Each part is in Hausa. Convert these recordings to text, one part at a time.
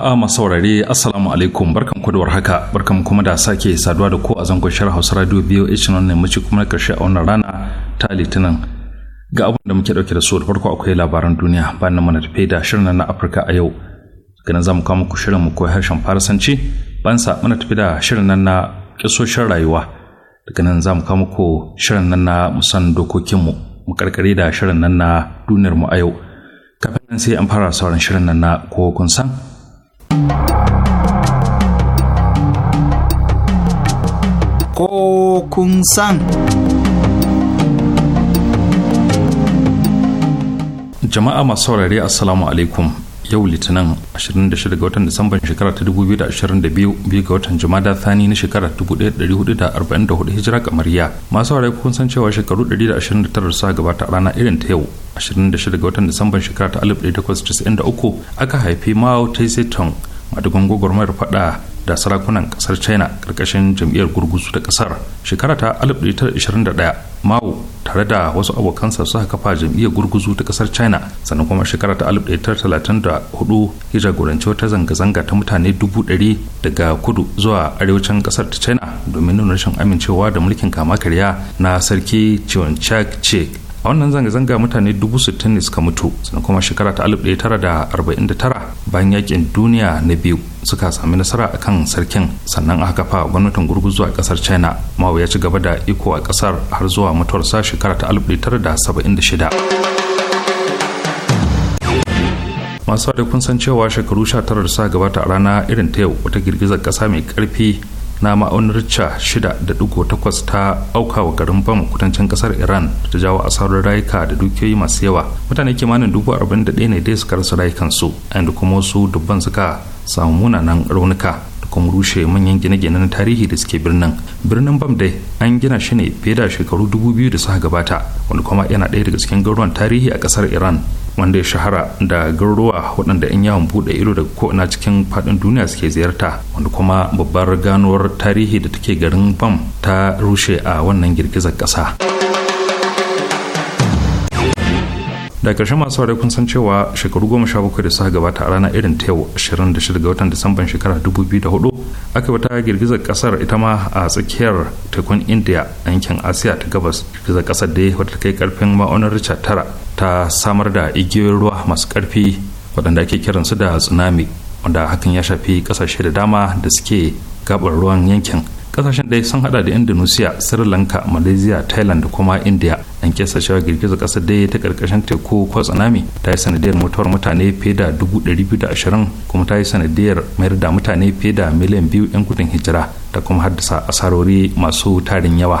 jama'a masu saurare assalamu alaikum barkan ku haka barkan kuma da sake saduwa da ku a zangon shirin Hausa Radio BOH nan ne muci kuma na karshe a wannan rana ta Litinin ga abin da muke dauke da su da farko akwai labaran duniya bayan nan muna tafi da shirin na Afirka a yau ganin zamu kawo muku shirin mu koyi harshen farasanci bayan sa muna tafi da shirin nan na kisoshin rayuwa daga nan zamu kawo muku shirin nan na musan dokokin mu mu karkare da shirin nan na duniyar mu a yau kafin nan sai an fara sauran shirin nan na kokon san ko kun san. Jama'a masu saurare Assalamu alaikum yau litinin 26 ga watan Disamban shekara ta 2022 biyu ga watan Jumada Thani na shekarar 1444 hijira kamariya masu saurare kun san cewa shekaru 129 sa gabata a rana irin ta yau 26 ga watan Disamban shekara ta 1893 aka haifi Mao Tse Tung madugun gwagwarmayar fada da sarakunan kasar china karkashin jam'iyyar gurguzu da kasar shekara ta 1921 mao tare da wasu abokansa suka kafa jam'iyyar gurguzu ta kasar china sannan kuma shekara ta 1934 ya jagoranci wata zanga-zanga ta mutane dubu ɗari daga kudu zuwa arewacin kasar ta china domin nuna rashin amincewa da mulkin kama karya na sarki chiang chak a wannan zanga-zanga mutane dubu sittin ne suka mutu sannan kuma shekara ta alif tara da arba'in da tara bayan yakin duniya na biyu suka sami nasara a kan sarkin sannan aka kafa gwamnatin gurguzu a kasar china mao ya ci gaba da iko a kasar har zuwa mutuwarsa shekara ta alif tara da saba'in da shida masu da kun san cewa shekaru 19 da sa gabata a rana irin ta yau wata girgizar kasa mai karfi na ma'aunin richa 6.8 ta auka wa garin bam kudancin kasar iran ta jawo asarar rayuka da dukiyoyi masu yawa mutane kimanin dubu arba'in da ɗaya ne dai suka rasa rayukansu inda kuma wasu dubban suka samu munanan raunuka da kuma rushe manyan gine-gine na tarihi da suke birnin birnin bam dai an gina shi ne fiye da shekaru dubu biyu da suka gabata wanda kuma yana ɗaya daga cikin garuruwan tarihi a kasar iran wanda ya shahara da garuruwa waɗanda 'yan yawon buɗe ido daga ko'ina cikin faɗin duniya suke ziyarta wanda kuma babbar ganuwar tarihi da take garin bam ta rushe a wannan girgizar ƙasa. da ƙarshen masu saurari kun san cewa shekaru goma sha bakwai da suka gabata a rana irin ta yau 26 ga watan disamban shekara hudu aka wata girgizar ƙasar ita ma a tsakiyar tekun india a yankin asiya ta gabas girgizar ƙasar dai wata kai karfin ma'aunar rica tara ta samar da igiyoyin ruwa masu ƙarfi waɗanda ake kiransu da tsunami wanda hakan ya shafi ƙasashe da dama da suke gabar ruwan yankin kasashen dai sun hada da indonesia sri lanka malaysia thailand da kuma india an kesa cewa girgizar kasar dai ta karkashin teku ko tsunami ta yi sanadiyar mutuwar mutane fiye da 220 kuma ta yi sanadiyar mayar da mutane fiye da miliyan biyu 'yan gudun hijira ta kuma haddasa asarori masu tarin yawa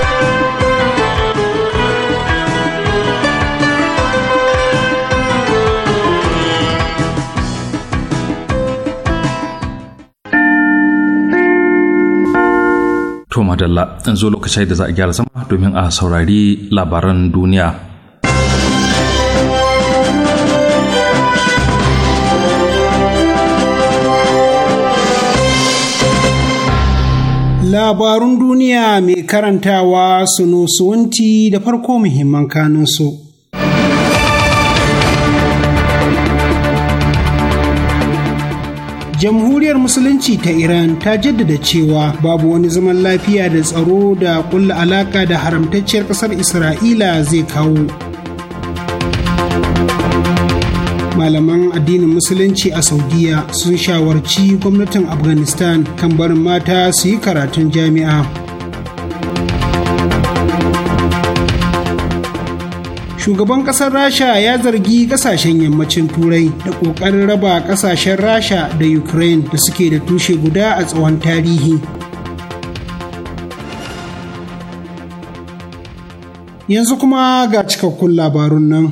To madalla zo lokacin da za a gyara zama domin a saurari labaran duniya. Labarun duniya mai karantawa sunusuwanti da farko muhimman kanunsu. jamhuriyar musulunci ta iran ta jaddada cewa babu wani zaman lafiya da tsaro da kulla alaka da haramtacciyar kasar isra'ila zai kawo malaman addinin musulunci a saudiya sun shawarci gwamnatin afghanistan kan barin mata su yi karatun jami'a shugaban ƙasar rasha ya zargi ƙasashen yammacin turai da ƙoƙarin raba ƙasashen rasha da ukraine da suke da tushe guda a tsawon tarihi yanzu kuma ga cikakkun labarun nan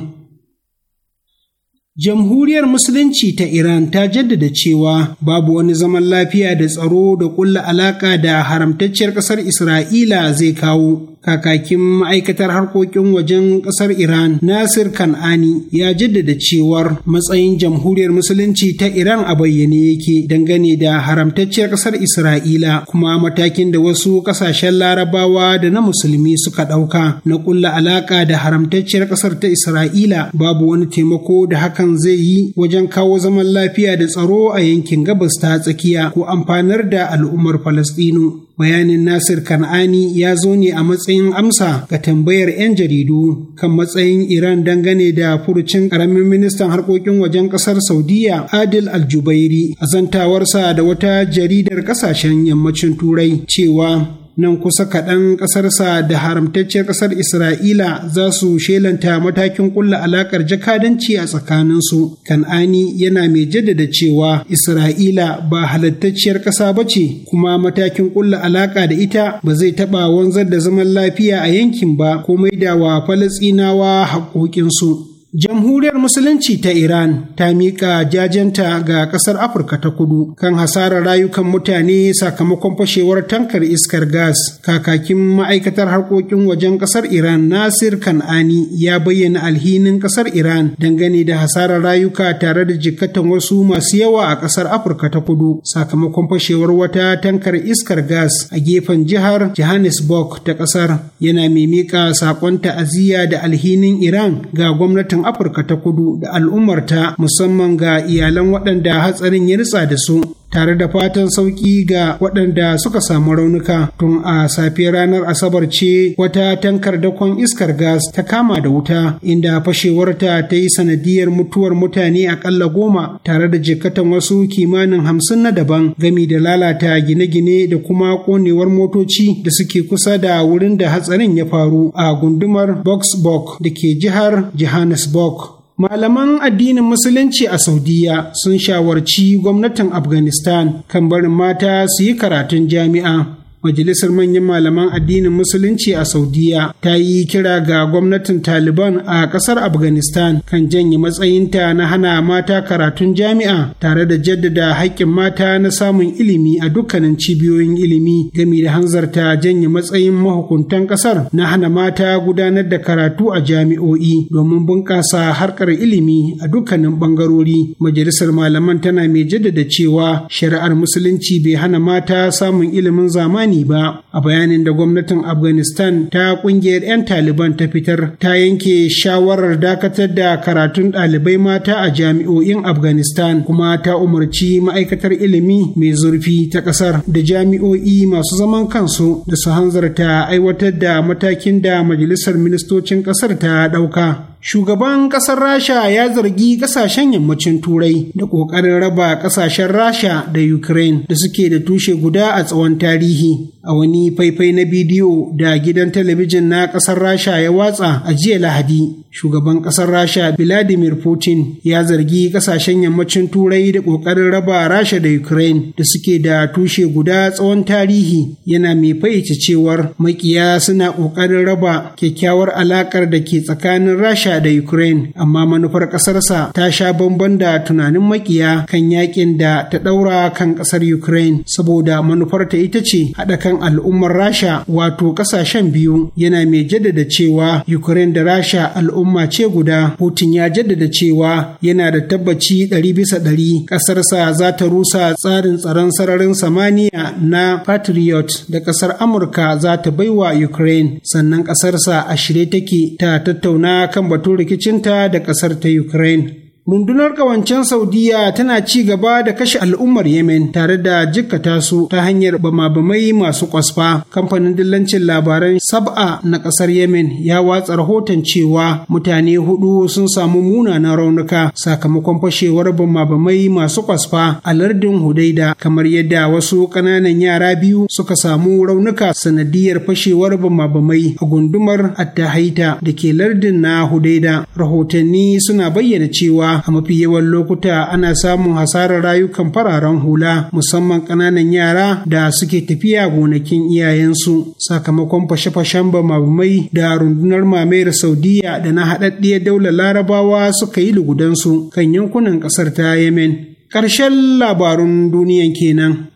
Jamhuriyar Musulunci ta Iran ta jaddada cewa babu wani zaman lafiya da tsaro da ƙulla alaƙa da haramtacciyar ƙasar Isra'ila zai kawo. kakakin ma'aikatar harkokin wajen ƙasar Iran Nasir Kan'ani ya jaddada cewar matsayin jamhuriyar musulunci ta Iran a bayyane yake dangane da haramtacciyar ƙasar Isra'ila kuma matakin da wasu ƙasashen larabawa da na musulmi suka ɗauka na ƙulla alaƙa da haramtacciyar ƙasar ta Isra'ila babu wani taimako da hakan zai yi wajen kawo zaman lafiya da tsaro a yankin gabas ta tsakiya ko amfanar da al'ummar Falasɗinu, Bayanin Nasir Kan'ani ya zo ne a matsayin matsayin amsa ga tambayar 'yan jaridu kan matsayin Iran dangane da furucin ƙaramin ministan harkokin wajen ƙasar saudiyya Adil Aljubairi a zantawarsa da wata jaridar ƙasashen yammacin Turai cewa nan kusa kaɗan ƙasarsa da haramtacciyar ƙasar isra'ila za su shelanta matakin ƙulla alaƙar jakadanci a tsakaninsu kan'ani yana mai jaddada cewa isra'ila ba halittacciyar ƙasa ba ce kuma matakin ƙulla alaƙa da ita ba zai taɓa wanzar da zaman lafiya a yankin ba ko maidawa falasɗinawa haƙoƙinsu Jamhuriyar Musulunci ta Iran ta miƙa jajenta ga ƙasar Afirka ta kudu kan hasarar rayukan mutane sakamakon fashewar tankar iskar gas. Kakakin ma'aikatar harkokin wajen ƙasar Iran Nasir Kan'ani ya bayyana alhinin ƙasar Iran dangane da hasarar rayuka tare da jikkatan wasu masu yawa a ƙasar Afirka ta kudu sakamakon fashewar wata tankar iskar gas a gefen jihar Johannesburg ta ƙasar. Yana mai miƙa saƙon ta'aziyya da alhinin Iran ga gwamnatin ƙasashen Afirka ta kudu da al'ummarta musamman ga iyalan waɗanda hatsarin ya ritsa da su. tare da fatan sauƙi ga waɗanda suka samu raunuka tun a safiyar ranar asabar ce wata tankar dakon iskar gas ta kama da wuta inda fashewarta ta yi sanadiyar mutuwar mutane aƙalla goma tare da jikatan wasu kimanin hamsin na daban gami da lalata gine-gine da kuma ƙonewar motoci da suke kusa da wurin da hatsarin ya faru a gundumar boxburg da ke jihar johannesburg Malaman addinin Musulunci a Saudiya sun shawarci gwamnatin Afghanistan kan barin mata su yi karatun jami'a. Majalisar manyan malaman addinin Musulunci a Saudiya ta yi kira ga gwamnatin Taliban a ƙasar Afghanistan kan janye matsayinta na hana mata karatun jami'a tare da jaddada haƙƙin mata na samun ilimi a dukkanin cibiyoyin ilimi gami da hanzarta janye matsayin mahukuntan ƙasar na hana mata gudanar da karatu a jami'o'i domin bunƙasa harkar ilimi a dukkanin ɓangarori. Majalisar malaman tana mai jaddada cewa shari'ar Musulunci bai hana mata samun ilimin zamani bayani ba a bayanin da gwamnatin afghanistan ta kungiyar 'yan taliban ta fitar ta yanke shawarar dakatar da karatun ɗalibai mata a jami'o'in afghanistan kuma ta umarci ma'aikatar ilimi mai zurfi ta ƙasar da jami'o'i masu zaman kansu da su hanzarta aiwatar da matakin da majalisar ministocin ƙasar ta ɗauka Shugaban ƙasar Rasha ya zargi ƙasashen yammacin Turai da ƙoƙarin raba ƙasashen Rasha da Ukraine da suke da tushe guda a tsawon tarihi. A wani faifai na bidiyo da gidan talabijin na ƙasar Rasha ya watsa a jiya Lahadi, shugaban ƙasar Rasha Vladimir Putin ya zargi ƙasashen yammacin Turai da ƙoƙarin raba Rasha da Ukraine da suke da tushe guda tsawon tarihi yana mai fayyace cewar makiya suna ƙoƙarin raba kyakkyawar alaƙar da ke tsakanin Rasha Rasha da Ukraine, amma manufar ƙasarsa ta sha bamban da tunanin makiya kan yakin da ta ɗaura kan ƙasar Ukraine, saboda manufarta ita ce haɗa kan al'ummar Rasha wato ƙasashen biyu yana mai jaddada cewa Ukraine da Rasha al'umma ce guda. Putin ya jaddada cewa yana da tabbaci ɗari bisa ɗari ƙasarsa za ta rusa tsarin tsaron sararin samaniya na Patriot da ƙasar Amurka za ta baiwa Ukraine, sannan ƙasarsa a shirye take ta tattauna kan wato rikicinta da ƙasar ta Ukraine. Rundunar kawancen Saudiya tana ci gaba da kashe al'ummar Yemen tare da jikkata su ta hanyar bama-bamai masu kwasfa. Kamfanin dillancin labaran Sab'a na ƙasar Yemen ya watsa rahoton cewa mutane hudu sun samu munanan raunuka sakamakon fashewar bama-bamai masu kwasfa a lardin Hudaida kamar yadda wasu ƙananan yara biyu suka samu raunuka sanadiyar fashewar bama-bamai a gundumar Attahaita da ke lardin na Hudaida. Rahotanni suna bayyana cewa a mafi yawan lokuta ana samun hasarar rayukan fararen hula musamman ƙananan yara da suke tafiya gonakin iyayensu sakamakon fashe-fashen bamamai da rundunar mamayar saudiya da na haɗaɗɗiyar daular larabawa suka yi lugudansu kan yankunan ƙasar ta yemen ƙarshen labarun duniyan kenan.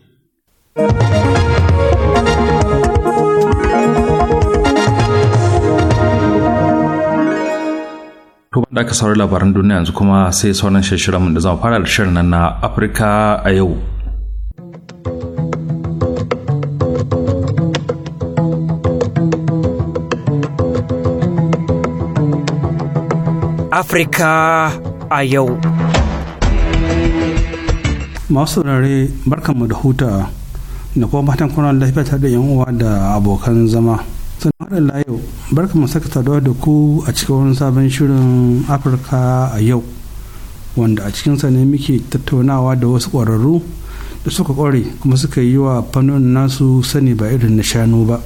To da aka saurari labaran duniya yanzu kuma sai sauran shirin da zama fara da shirin nan na Afirka a yau. Afirka a yau. Masu rare barkanmu da huta na kuma matan kuna lafiya da yan uwa da abokan zama. to madalla yau barka mu saka saduwa da ku a cikin wani sabon shirin afirka a yau wanda a cikin ne muke tattaunawa da wasu ƙwararru da suka ƙware kuma suka yi wa fannin nasu sani ba irin na shanu ba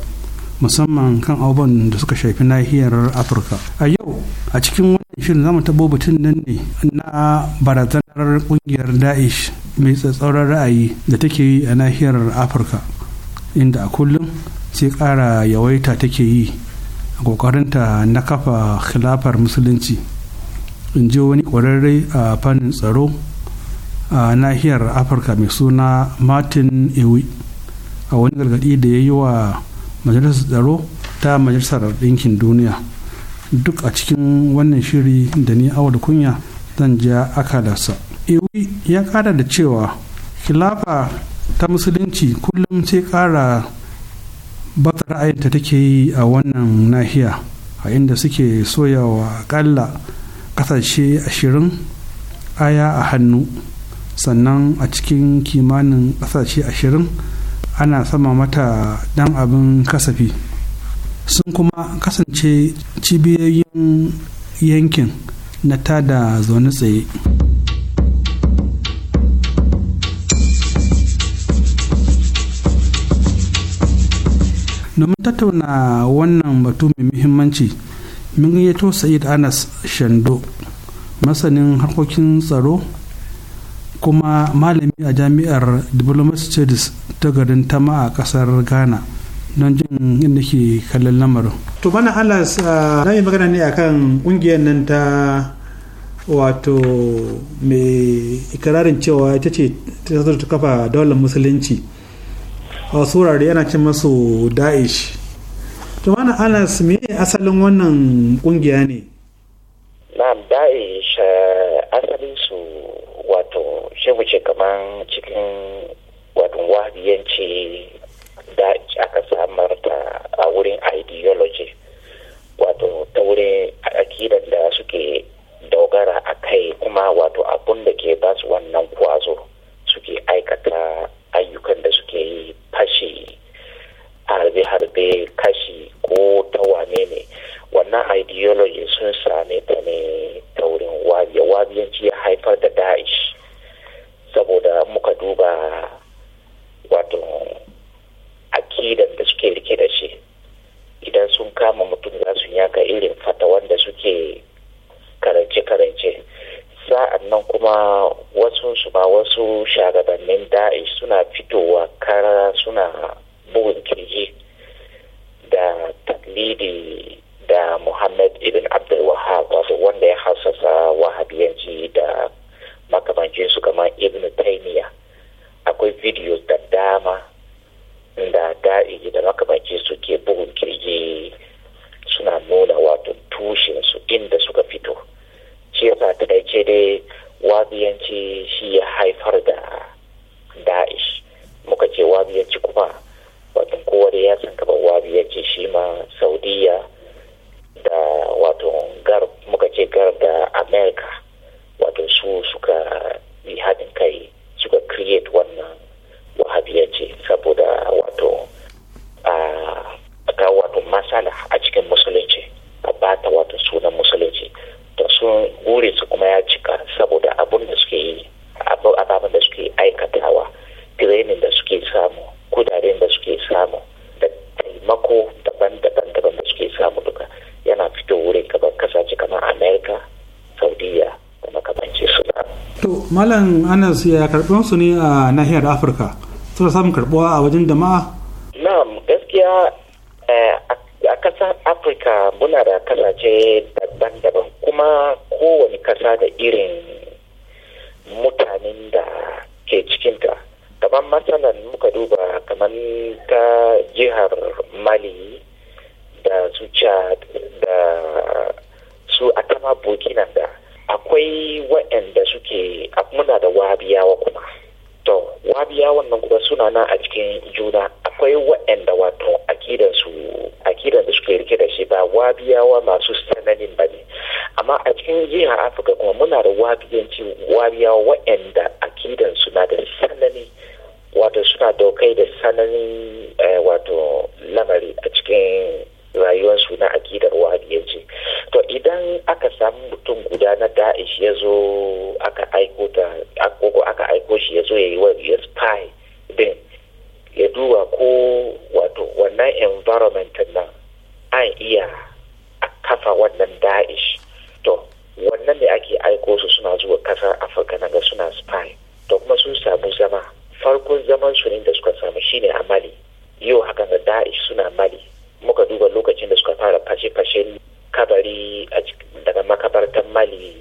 musamman kan abubuwan da suka shafi nahiyar afirka a yau a cikin wannan shirin zamu tabo batun nan ne na barazanar kungiyar da'ish mai tsatsauran ra'ayi da take yi a nahiyar afirka inda a kullum sai ƙara yawaita take yi a ƙoƙarinta na kafa khilafar musulunci in ji wani ƙwararre a fannin tsaro a nahiyar afirka mai suna martin ewi a wani gargadi da ya yi wa majalisar tsaro ta majalisar ɗinkin duniya duk a cikin wannan shiri da ni da kunya zan ja akalarsa ewi ya ƙara da cewa khilafa ta musulunci kullum sai ƙara baka ra'ayinta take yi a wannan nahiya a inda suke wa akalla kasashe ashirin aya a hannu sannan a cikin kimanin kasashe ashirin ana sama mata dan abin kasafi sun kuma kasance cibiyoyin yankin na tada zaune tsaye. domin tattauna wannan batu mai muhimmanci mun gayyato sa'id anas shando masanin harkokin tsaro kuma malami a jami'ar diplomat studies ta garin tama a kasar ghana don jin inda ke kallon lamarin to bana alas na yi magana ne akan kungiyar nan ta wato mai ikirarin cewa ita ce ta kafa daular musulunci a wasu wurare ana cin masu da'ish to mana anas me asalin wannan kungiya ne na da'ish eh, asalin su wato shehu ce kamar cikin wato wahabiyanci aka samar ta a wurin ideology wato ta wurin akidar da suke dogara a kai kuma wato abun da ke basu wannan kwazo suke aikata ayyukan da suke yi fashe harbe-harbe kashi ko ta wane ne wannan ideology sun same ta ne ta wurin wabiya wabiyanci ya haifar da da'ish saboda muka duba wato akidan da suke rike da shi idan sun kama mutum za su yaka irin fata wanda suke karance-karance sa'an nan kuma wasu su ma wasu shagabannin da'i suna fitowa kara suna bugun kirji da taklidi malam anas ya karɓar su ne a nahiyar afirka suna samun karɓuwa a wajen jama'a cikin wariya waɗanda akidan suna da sanani wato suna dokai da sanani eh, wato lamari a cikin rayuwarsu na akidar wariyanci, to idan aka samu mutum guda na da'ish ya zo aka aiko agogo aka aiko shi ya zo ya yi wa ya spy din ya duba ko wato wannan environment nan an iya kafa wannan da'ish to wannan ne ake aiko su suna zuwa kasar afirka na ga suna spy da kuma sun samu zama farkon zaman su ne da suka samu shine a mali yau haka da da'ish suna mali muka duba lokacin da suka fara fashe-fashen kabari daga makabartar mali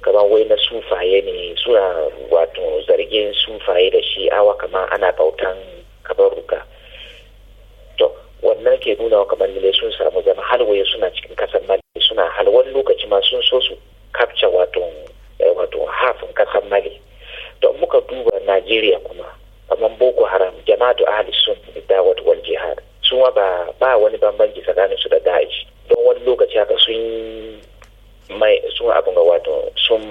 kamar wai na sufaye ne suna wato zargin sufaye da shi awa kamar ana bautan kabaruka to wannan ke nuna wa kamar lalle sun samu zama halwaye suna cikin kasar mali suna halwan lokaci ma sun so su kafce wato eh, wato hafin kasar mali to muka duba najeriya kuma kamar boko haram jama'atu ahli sun dawat wal jihad su ba ba wani bambanci tsakanin su da daji don wani lokaci haka sun mai sun abin ga wato sun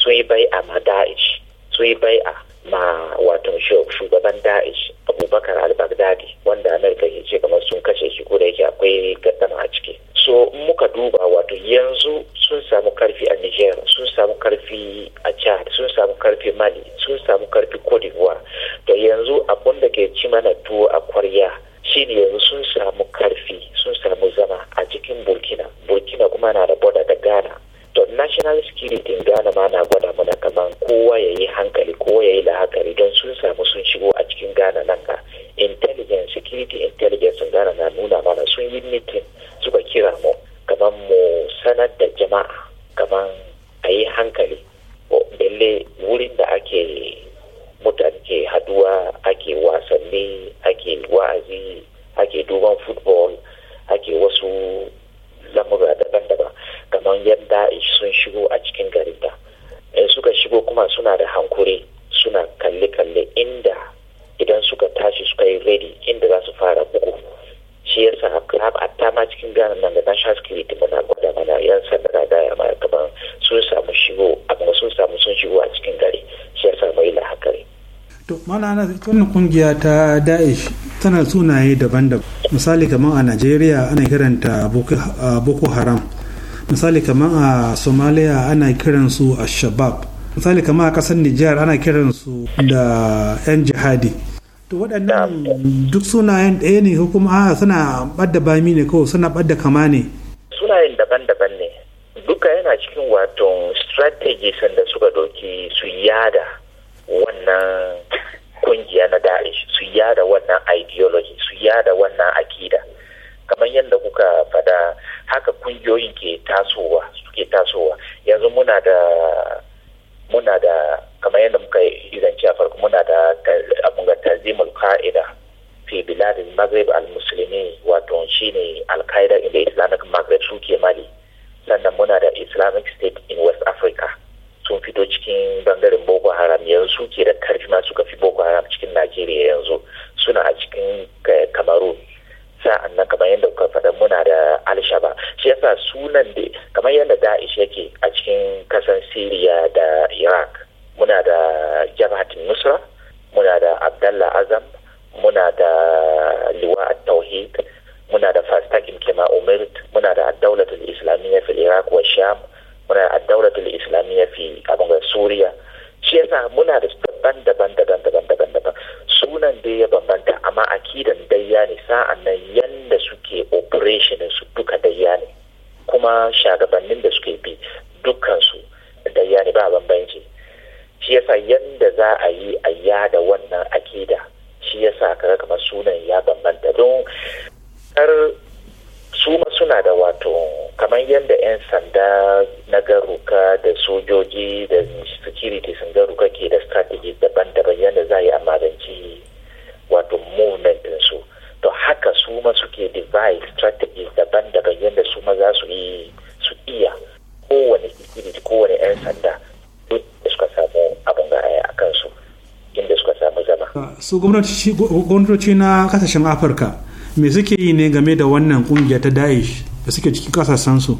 sun yi a ma daji sun yi a ma wato shugaban da'ish abubakar al-baghdadi wanda amerika ke ce kamar sun kashe shi ko da yake akwai gaddama a ciki so muka duba wato yanzu sun samu karfi a niger sun samu karfi a chad sun samu karfi mali sun samu karfi cote da to yanzu abun da ke ci mana tuwo a kwarya shine yanzu sun samu karfi sun samu zama a cikin burkina burkina kuma na da boda da ghana to national security Ghana ma na gwada mana kaman kowa ya yi hankali kowa ya yi la'akari don sun samu sun shigo a cikin Ghana nan ka intelligence security intelligence Ghana na nuna mana sun yi meeting suka kira mu kaman mu sanar da jama'a kaman a yi hankali belle wurin da ake mutane ke haduwa ake wasanni ake wa'azi ake duban football ake wasu lamura da kamar yadda sun shigo a cikin garinta suka shigo kuma suna da hankuri suna kalle-kalle inda idan suka tashi suka yi ready inda za su fara bugu shi ya sa hatta ma cikin ghana nan da national security mana gwada mana yan sanda na gaya ma kamar sun samu shigo amma sun samu sun shigo a cikin gari shi ya sa mai lahakari to mana malana wannan kungiya ta daesh tana sunaye daban-daban misali kamar a najeriya ana kiranta boko haram misali kamar a somalia ana kiransu a shabab misali kamar a kasar nijar ana kiransu da 'yan jihadi to waɗannan duk sunayen ɗaya ne ko kuma a suna ɓadda bami ne ko suna ɓadda kama ne sunayen daban-daban ne duka yana cikin wato strategies da suka doki su yada wannan kungiya na da'ish su yada wannan ideology su yada wannan akida kamar yadda kuka faɗa. haka kungiyoyin ke tasowa suke tasowa yanzu muna da muna da kamar yadda muka yi zance a farko muna da abin ga tazimul ka'ida fi biladin maghrib al-musulmi wato shine al-qaida in da islamic maghrib su ke mali sannan muna da islamic state in west africa sun fito cikin bangaren boko haram yanzu suke da karfi ma suka fi boko haram cikin najeriya yanzu suna a cikin kamaru eh, sa'an nan kamar yadda kuka faɗa muna da alshaba shi yasa sunan da kamar yadda da'ish yake a cikin kasan siriya da iraq muna da jama'atin nusra muna da abdallah azam muna da liwa tauhid muna da fastakin kema umirt muna da addaulatul islamiyya fil iraq wa sham muna da addaulatul islamiyya fi abin suriya su gwamnatoci na kasashen afirka me suke yi ne game da wannan kungiya ta daesh da suke cikin su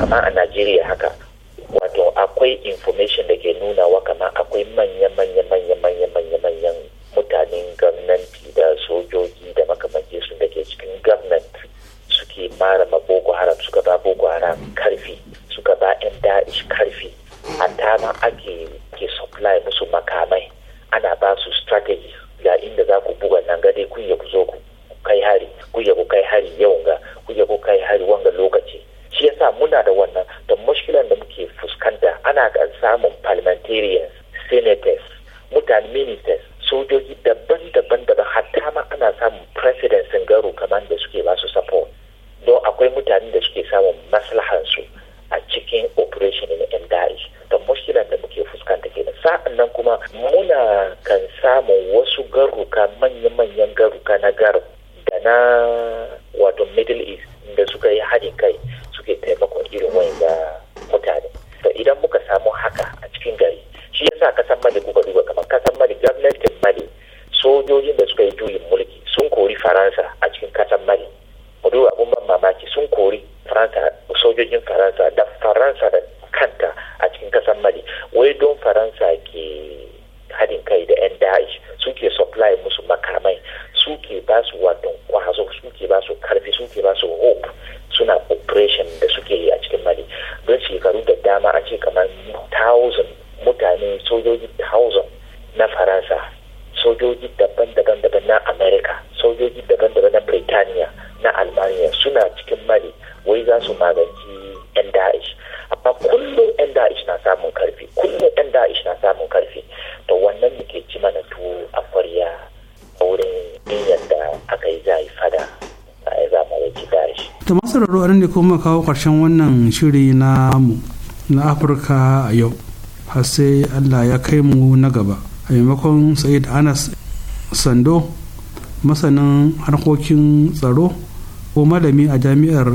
amma a najeriya haka wato akwai information da ke nuna wa kama akwai manya-manya-manya-manya-manyan mutanen gwamnati da sojoji da makamanci su da ke cikin gwamnati suke mara boko haram suka ba boko haram ci mana tuwo a kwarya a wurin da aka yi za a yi fada a yi za ci shi. ta masu rarruwa ne kuma kawo ƙarshen wannan shiri na mu na afirka a yau har sai allah ya kai mu na gaba a maimakon sa'id anas sando masanin harkokin tsaro ko malami a jami'ar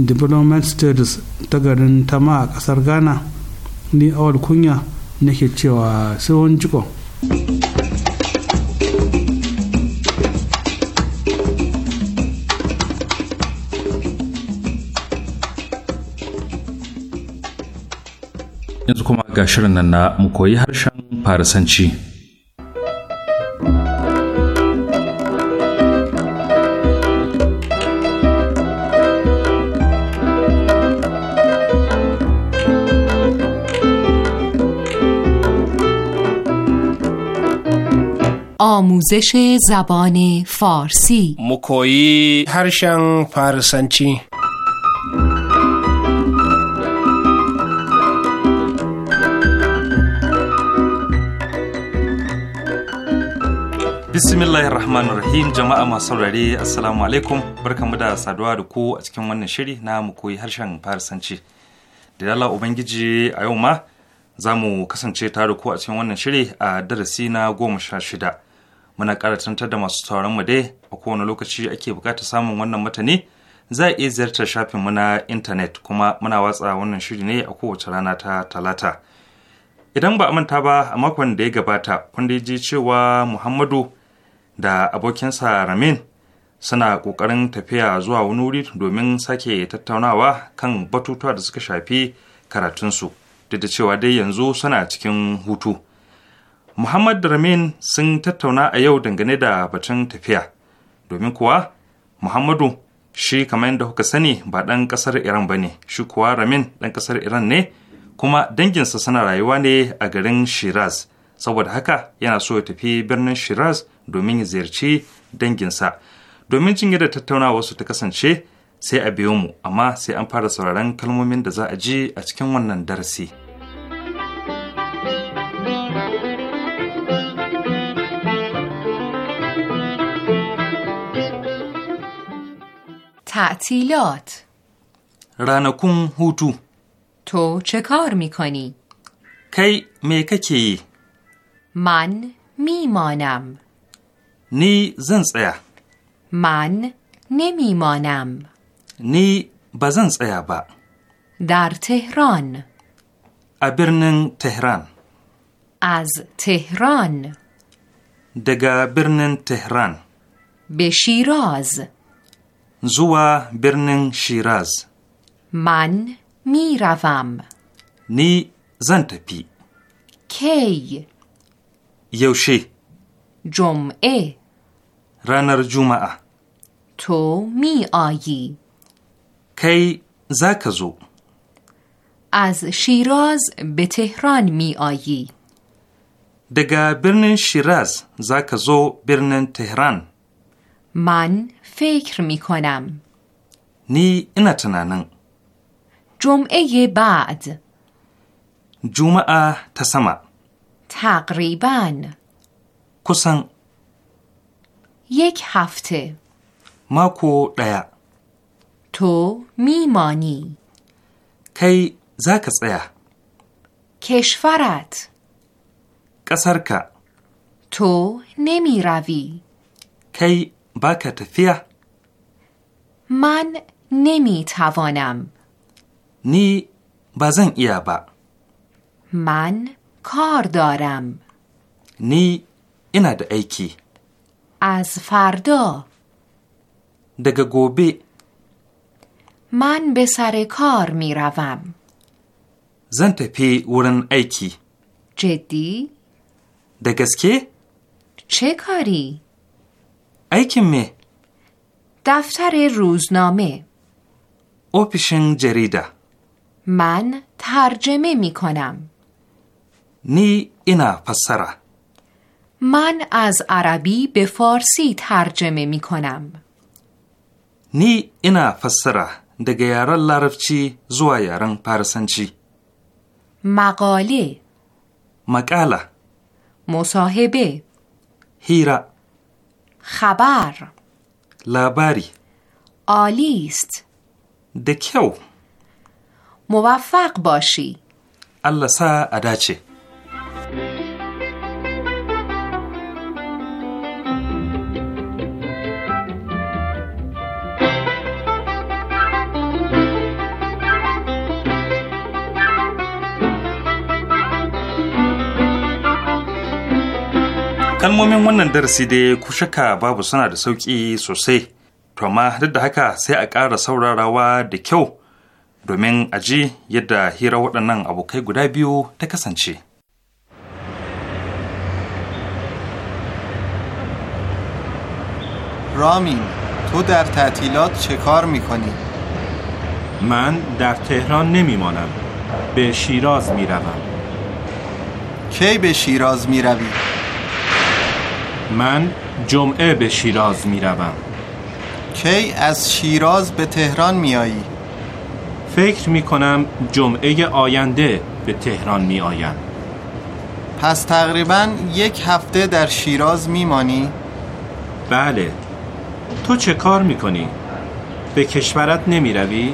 development studies ta garin tama a kasar ghana ni awal kunya nake cewa sai wani jikon yanzu kuma ga shirin nan na mu koyi harshen farisanci آموزش زبان فارسی مکویی هرشن فارسنچی rahim jama'a masu saurare assalamu alaikum barkamu da saduwa da ku a cikin wannan shiri na mu koyi harshen farisanci da dala ubangiji a yau ma za mu kasance tare ku a cikin wannan shiri a darasi na goma sha shida muna ƙara tantar da masu sauran mu dai a kowane lokaci ake buƙatar samun wannan mutane za a iya ziyartar shafin mu na intanet kuma muna watsa wannan shiri ne a kowace rana ta talata idan ba a manta ba a makon da ya gabata kun ji cewa muhammadu da abokinsa ramin suna ƙoƙarin tafiya zuwa wani wuri domin sake tattaunawa kan batutuwa da suka shafi karatunsu duk da cewa dai yanzu suna cikin hutu Muhammad da Ramin sun tattauna a yau dangane da batun tafiya, domin kuwa Muhammadu shi kamar yadda kuka sani ba ɗan ƙasar Iran ba ne, shi kuwa Ramin ɗan ƙasar Iran ne, kuma danginsa suna rayuwa ne a garin Shiraz, saboda haka yana so ya tafi birnin Shiraz domin ya ziyarci danginsa. Domin jin da tattaunawa su ta kasance sai a biyo mu, amma sai an fara sauraron kalmomin da za a ji a cikin wannan darasi. تعطیلات رانکون هوتو تو چه کار میکنی؟ کی میکه کی؟ من میمانم نی زن سیا من نمیمانم نی بزن سیا با در تهران ابرنن تهران از تهران دگا برنن تهران به شیراز زوا برنن شیراز من میروم نی زن پی. کی یوشی جمعه رانر جمعه تو می آیی کی زکزو از شیراز به تهران می آیی دگه برنن شیراز زکزو برنن تهران من فکر می کنم نی اینا تنانن جمعه بعد جمعه تسمع تقریبا کسن یک هفته ماکو دیا تو میمانی کی زاکس دیا کشورت قصرکا تو نمی روی کی باکت فیه من نمی توانم نی بزن ایا با من کار دارم نی اینا ای ایکی از فردا دگه گوبی من به سر کار می روم زن پی ورن ایکی جدی؟ گسکی. چه کاری؟ ایکی می دفتر روزنامه اوپیشن جریده من ترجمه می کنم نی اینا پسره من از عربی به فارسی ترجمه می کنم نی اینا پسره دگه لرفچی زوا یارن مقاله مقاله مصاحبه هیره خبر لابری آلیست دکیو موفق باشی الله سا اداچه kalmomin wannan darasi dai ku shaka babu suna da sauƙi sosai to amma duk da haka sai a ƙara saurarawa da kyau domin a ji yadda hira waɗannan abokai guda biyu ta kasance. رامین تو در تعطیلات چه کار میکنی؟ من در تهران نمیمانم به شیراز میروم کی به شیراز میروی؟ من جمعه به شیراز می روم کی از شیراز به تهران می آیی؟ فکر می کنم جمعه آینده به تهران می آیم پس تقریبا یک هفته در شیراز می مانی؟ بله تو چه کار می کنی؟ به کشورت نمی روی؟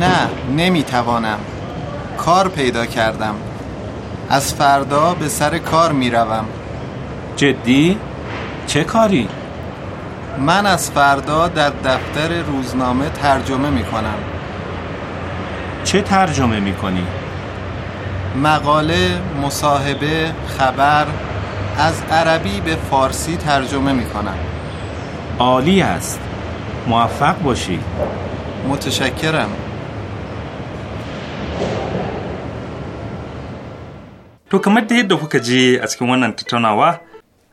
نه نمی توانم کار پیدا کردم از فردا به سر کار می روم جدی؟ چه کاری؟ من از فردا در دفتر روزنامه ترجمه می کنم چه ترجمه می کنی؟ مقاله، مصاحبه، خبر از عربی به فارسی ترجمه می کنم عالی است موفق باشی متشکرم تو کمیت دید از kuka از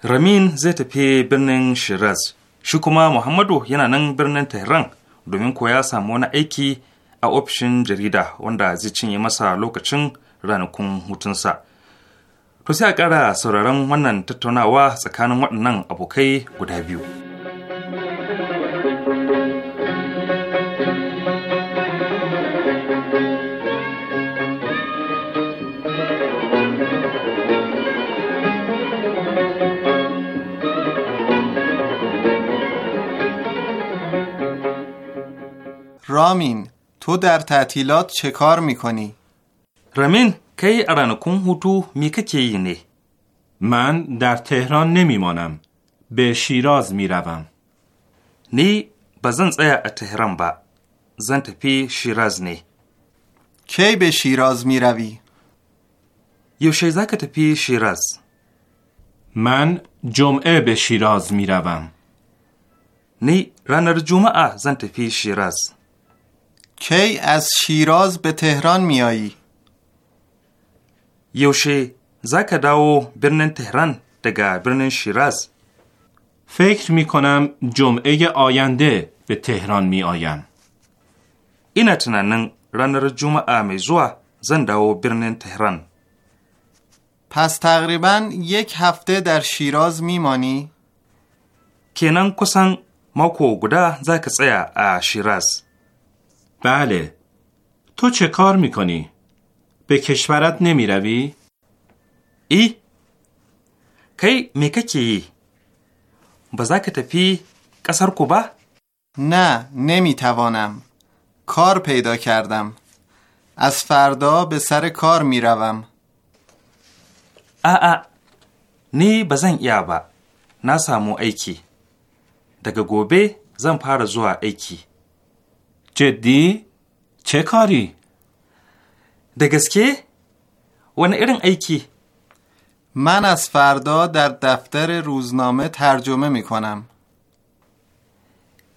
ramin zai tafi birnin shiraz shi kuma muhammadu yana nan birnin tehran domin ko ya samu wani aiki a ofishin jarida wanda zai cinye masa lokacin ranakun hutunsa to sai a ƙara sauraron wannan tattaunawa tsakanin waɗannan abokai guda biyu. رامین تو در تعطیلات چه کار میکنی؟ رامین کی ارانکون هوتو میکه من در تهران نمیمانم به شیراز میروم نی بزن تسیا تهران با زن تپی شیراز نی کی به شیراز میروی؟ یوشیزکت پی تپی شیراز من جمعه به شیراز میروم نی رانر جمعه زن تپی شیراز کی از شیراز به تهران میایی؟ یوشی زکا داو برنن تهران دگا برنن شیراز فکر می کنم جمعه آینده به تهران می آیم. این اتنانن رنر جمعه آمیزوه زوا زن برنن تهران پس تقریبا یک هفته در شیراز میمانی؟ کسن کسان ماکو گدا زکا سیا شیراز بله تو چه کار میکنی؟ به کشورت نمیروی؟ ای؟ کی میکچی؟ که تفی کسر کوبا؟ نه نمیتوانم کار پیدا کردم از فردا به سر کار میروم آآ نی بزن یابا با نه سامو ایکی. دگه گوبه زن ایکی ایکی. جدی چه کاری؟ دگسکی؟ و ای کی من از فردا در دفتر روزنامه ترجمه می کنم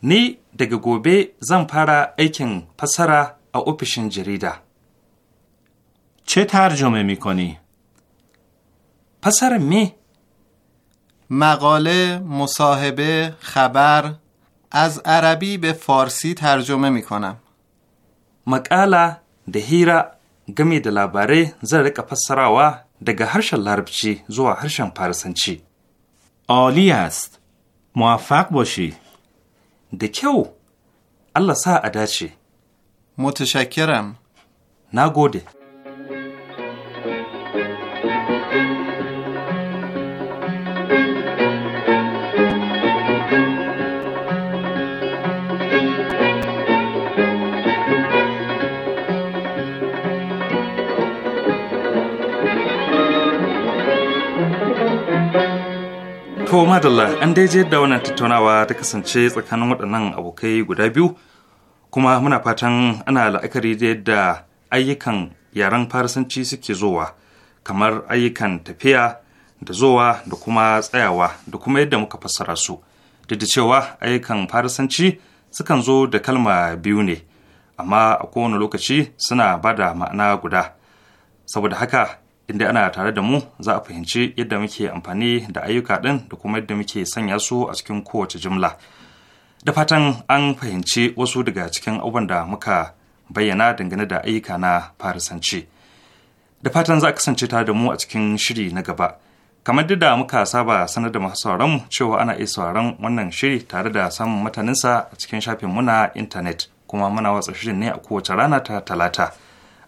نی دگه گوبه زن پارا ایکن پسرا او جریده چه ترجمه می کنی؟ پسر می مقاله، مصاحبه، خبر، از عربی به فارسی ترجمه می کنم. مقاله ده هیرا گمی ده لاباره زن رکا پسراوا دگه هرشن لربچی زوا هرشن پارسنچی. عالی است. موفق باشی. ده کیو. الله سا اداچه. متشکرم. نگوده. To madalla an dai je da wannan tattaunawa ta kasance tsakanin waɗannan abokai guda biyu kuma muna fatan ana la'akari da yadda ayyukan yaren farisanci suke zowa kamar ayyukan tafiya da zowa da kuma tsayawa da kuma yadda muka fassara su duk da cewa ayyukan farisanci sukan zo da kalma biyu ne amma a kowane lokaci suna bada ma'ana guda saboda haka inda ana tare da mu za a fahimci yadda muke amfani da ayyuka ɗin da kuma yadda muke sanya su a cikin kowace jumla da fatan an fahimci wasu daga cikin abubuwan da muka bayyana dangane da ayyuka na farisanci da fatan za a kasance tare da mu a cikin shiri na gaba kamar duk da muka saba sanar da masu sauran cewa ana iya sauran wannan shiri tare da samun mutaninsa a cikin shafin mu na intanet kuma muna watsa shirin ne a kowace rana ta talata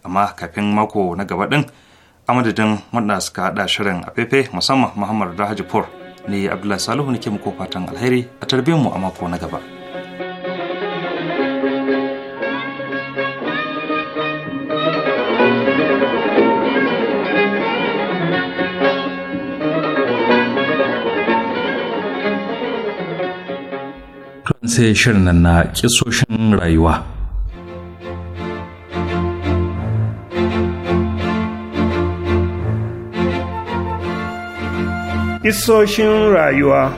amma kafin mako na gaba ɗin a madadin wanda suka haɗa shirin a fefe musamman muhammad pur ne abdullahi salihu nake muku fatan alheri a tarbe mu a mako na gaba. sai shirin nan na kisoshin rayuwa. Isoshin rayuwa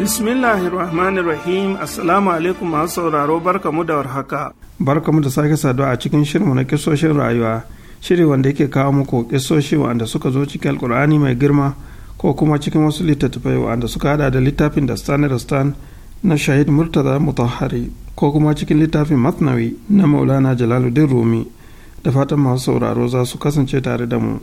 Bismillahirrahmanirrahim Assalamu alaikum masu sauraro barkamu da warhaka. Barkamu da sake saduwa a cikin shirinmu na kisoshin rayuwa, shiri wanda yake kawo muku kisoshi wanda suka zo cikin alkur'ani mai girma ko kuma cikin wasu littattafai wanda suka hada da littafin da Stan Stan na Shahid Murtaza Mutahari ko kuma cikin littafin Matnawi na Maulana Jalaluddin Rumi. da fatan masu sauraro za su kasance tare da mu.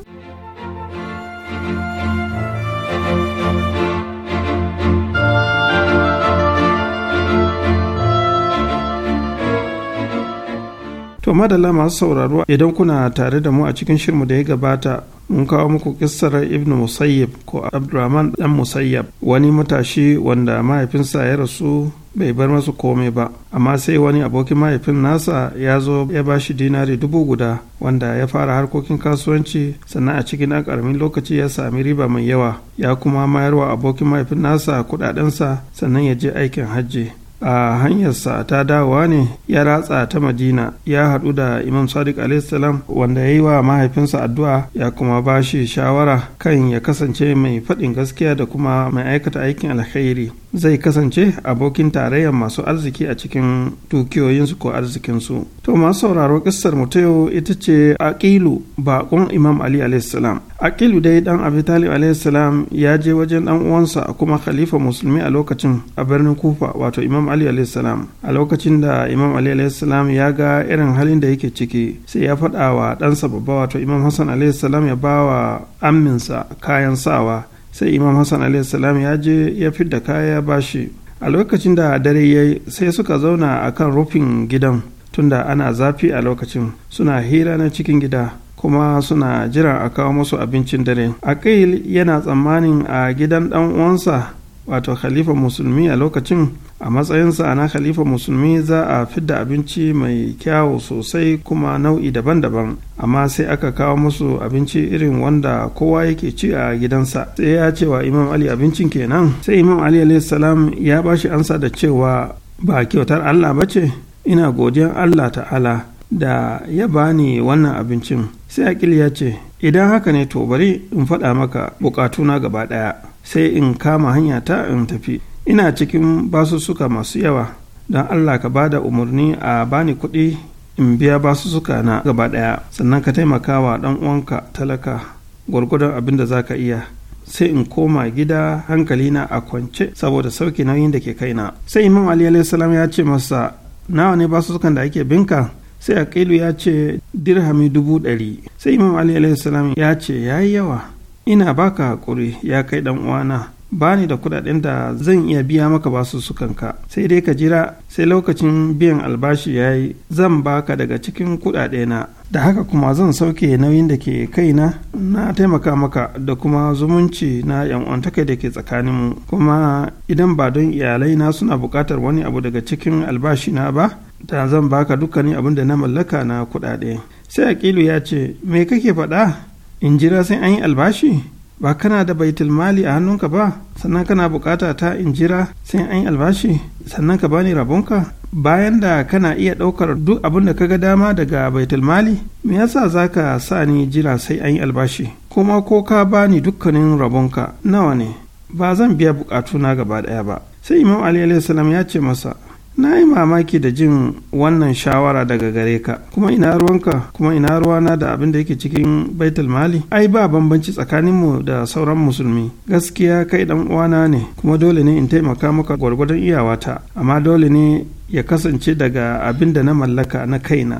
To madalla masu sauraro idan kuna tare da mu a cikin shirmu da ya gabata mun kawo muku kissar Ibn Musayyib ko Abdurrahman dan Musayyab wani matashi wanda mahaifinsa ya rasu bai bar masu komai ba amma sai wani abokin mahaifin nasa ya zo ya ba shi dinari dubu guda wanda ya fara harkokin kasuwanci sannan a cikin ɗan ƙaramin lokaci ya sami riba mai yawa ya kuma mayarwa abokin mahaifin nasa kuɗaɗensa sannan ya je aikin hajji a hanyarsa ta dawowa ne ya ratsa ta madina ya haɗu da imam sadiq alaihissalam wanda ya yi wa mahaifinsa addu'a ya kuma ba shi shawara kan ya kasance mai faɗin gaskiya da kuma mai aikata aikin alkhairi zai kasance abokin tarayyar masu arziki a cikin tukiyoyinsu ko arzikinsu to masu sauraro kissar mu ta yau ita ce aqilu baƙon imam ali alaihissalam akilu dai dan abi talib alaihissalam ya je wajen dan uwansa kuma khalifa musulmi a lokacin a birnin kufa wato imam ali alaihissalam a lokacin da imam ali alaihissalam ya ga irin halin da yake ciki sai ya faɗa wa ɗansa babba wato imam hassan alaihissalam ya ba wa amminsa kayan sawa sai imam hassan alaihissalam ya je ya fi da kaya bashi a lokacin da dare ya sai suka zauna akan rufin gidan tunda ana zafi a lokacin suna hira na cikin gida kuma suna jira a kawo musu abincin dare Akil yana tsammanin a gidan dan uwansa wato khalifa musulmi a lokacin a matsayinsa na khalifa musulmi za a fidda abinci mai kyawu sosai kuma nau'i daban-daban amma sai aka kawo musu abinci irin wanda kowa yake ci a gidansa sai ya cewa imam ali abincin kenan sai imam ali salam ya bashi ansa da cewa ba kyautar allah ba ce ina godiyan allah ta'ala da ya bani wannan abincin sai akil ya ce idan haka ne to bari in faɗa maka bukatuna gaba ɗaya sai in kama hanya ta in tafi ina cikin basussuka masu yawa don allah ka ba da umarni a bani kuɗi in biya basussuka na gaba ɗaya sannan ka taimaka wa ɗan uwanka talaka gwargwadon abin da za ka iya sai in koma gida hankali na a kwance saboda sauki nauyin da ke kaina sai imam ali salam ya ce masa nawa ne basussukan da ake binka sai aqilu ya ce dirhami dubu ɗari sai imam ali alaihissalam ya ce ya yi yawa ina baka hakuri ya kai dan uwana ba ni da kuɗaɗen da zan iya biya maka basu sukanka sai dai ka jira sai lokacin biyan albashi ya yi zan baka daga cikin kudadena da haka kuma zan sauke nauyin da ke kaina na taimaka maka da kuma zumunci na yan'uwantakai da ke tsakaninmu kuma idan ba don iyalai na suna buƙatar wani abu daga cikin albashi na ba da zan baka dukkanin abin da na mallaka na kuɗaɗe sai aƙilu ya ce me kake faɗa in jira sai an yi albashi ba kana da baitul mali a hannunka ba sannan kana bukata ta in jira sai an yi albashi sannan ka bani rabonka bayan da kana iya ɗaukar duk abin da kaga dama daga baitul mali me yasa zaka sa ni jira sai an yi albashi kuma ko ka bani dukkanin rabonka nawa ne ba zan biya bukatuna gaba ɗaya ba sai imam ali ya ce masa na yi mamaki da jin wannan shawara daga gare ka kuma ina ruwanka kuma ina ruwana da abin da yake cikin baitul mali ai ba bambanci tsakanin mu da sauran musulmi gaskiya kai dan uwana ne kuma dole ne in taimaka maka gwargwadon iyawata amma dole ne ya kasance daga abin da na mallaka na kaina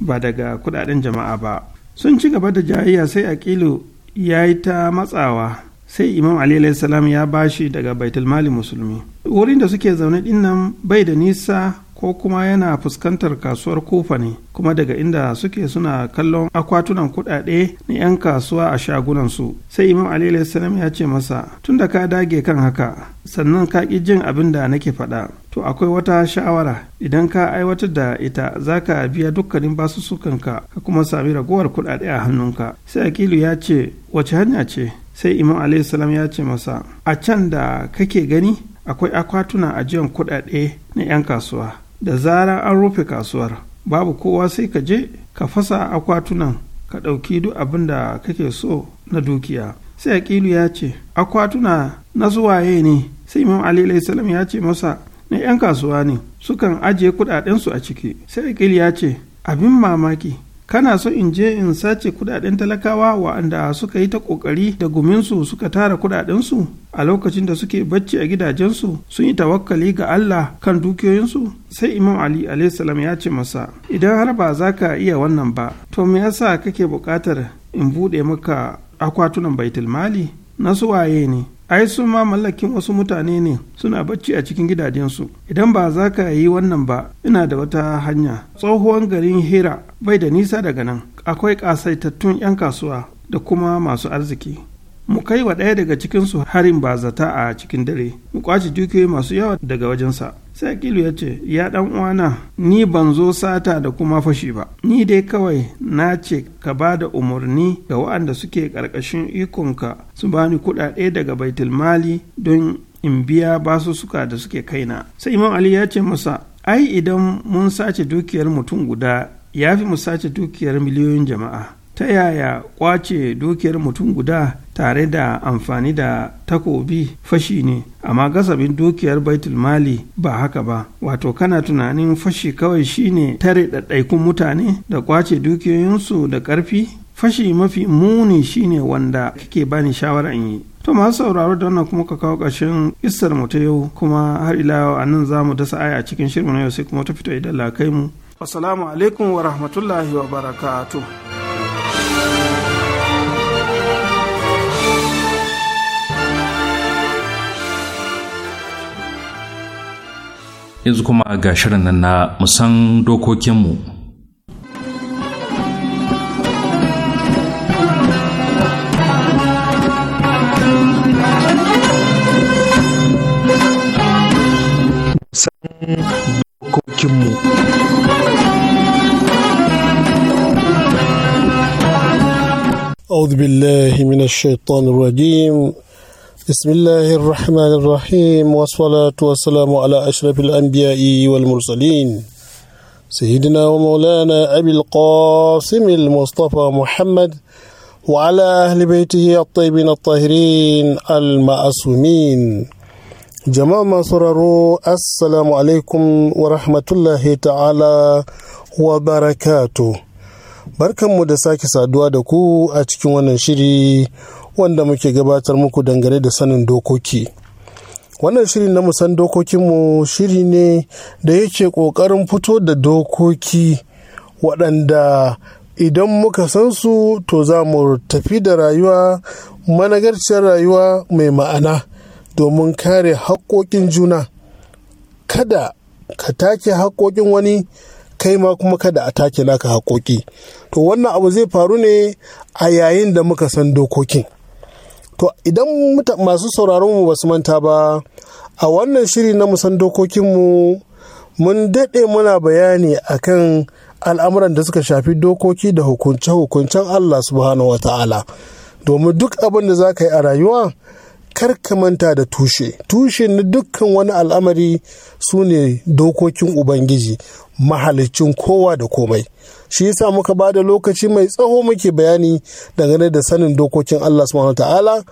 ba daga kudaden jama'a ba sun ci gaba da jayayya sai akilu ya yi ta matsawa sai imam ali salam ya bashi daga mali musulmi wurin da suke zaune dinnan bai da nisa ko kuma yana fuskantar kasuwar kofa ne kuma daga inda suke suna kallon akwatunan kuɗaɗe na 'yan kasuwa a shagunansu sai imam ali salam ya ce masa tun da ka dage kan haka sannan ka ƙi jin abin da nake faɗa to akwai wata shawara idan ka aiwatar da ita za ka biya dukkanin basussukanka ka kuma sami ragowar kuɗaɗe a hannunka sai akilu ya ce wace hanya ce sai imam salam ya ce masa a can da kake gani akwai akwatuna ajiyan kuɗaɗe na 'yan kasuwa da zara an rufe kasuwar babu kowa sai ka je ka fasa akwatunan ka ɗauki duk abin da kake so na dukiya sai aƙilu ya ce akwatuna na suwaye ne sai imam ali salam ya ce masa na 'yan kasuwa ne sukan ajiye kuɗaɗensu a ciki sai aƙilu ya ce abin mamaki kana so in je in sace kudaden talakawa wa'anda suka yi ta ƙoƙari da guminsu suka tara kudadensu a lokacin da suke bacci a gidajensu sun yi tawakkali ga Allah kan dukiyoyinsu sai imam ali salam ya ce masa idan har ba za ka iya wannan ba to me yasa kake buƙatar in buɗe maka akwatunan baitulmali mali na su waye ne ai su ma mallakin wasu mutane ne suna bacci a cikin gidajensu idan ba za ka yi wannan ba ina da wata hanya tsohuwan garin hira bai da nisa daga nan akwai ƙasaitattun 'yan kasuwa da kuma masu arziki mu kai wa ɗaya daga cikinsu harin ba zata a cikin dare mu ƙwace dukiyoyi masu yawa daga wajensa sakilu ya ce ya dan uwana ni ban zo sata da kuma fashi ba ni dai kawai na ce ka ba da umarni ga wa'anda suke ƙarƙashin ikonka su bani kuɗaɗe daga mali don in biya suka da suke kaina sai imam ali ya ce masa ai idan mun sace dukiyar mutum guda ya fi mu sace dukiyar miliyoyin jama'a ta yaya kwace dukiyar mutum guda tare da amfani da takobi fashi ne amma gasabin dukiyar baitul mali ba haka ba wato kana tunanin fashi kawai shine tare ɗaiɗaikun mutane da kwace dukiyoyinsu da ƙarfi fashi mafi muni shine wanda kake bani shawara in yi to masu sauraro da wannan kuma ka kawo ƙarshen kissar mu ta yau kuma har ila a nan za mu dasa aya a cikin shirin na yau sai kuma ta fito idan la kai mu assalamu alaikum wa rahmatullahi wa barakatuh yanzu kuma ga shirin nan na musan dokokinmu أعوذ بالله من الشيطان الرجيم بسم الله الرحمن الرحيم والصلاة والسلام على أشرف الأنبياء والمرسلين سيدنا ومولانا أبي القاسم المصطفى محمد وعلى أهل بيته الطيبين الطاهرين المعصومين jama'a masu sauraro assalamu alaikum wa rahmatullahi ta'ala wa barakatu barkanmu da sake saduwa da ku a cikin wannan shiri wanda muke gabatar muku dangane da sanin dokoki wannan shiri na musan dokokinmu shiri ne da yake ƙoƙarin fito da dokoki waɗanda idan muka san su to za mu tafi da rayuwa managarciyar rayuwa mai ma'ana domin kare haƙoƙin juna kada ka take haƙoƙin wani kai ma kuma kada a take naka haƙoƙi to wannan abu zai faru ne a yayin da muka san dokokin To idan masu sauraron mu basu manta ba a wannan shiri na musan dokokinmu mun daɗe muna bayani akan al'amuran da suka shafi dokoki da hukunce-hukuncen Allah subhanahu wa ta'ala. Domin duk abin da za ka yi a rayuwa kar ka manta da tushe. Tushe na dukkan wani al'amari su ne dokokin Ubangiji mahalicin kowa da komai. shi yasa muka ba da lokaci mai tsawo muke bayani dangane da sanin dokokin Allah subhanahu ta'ala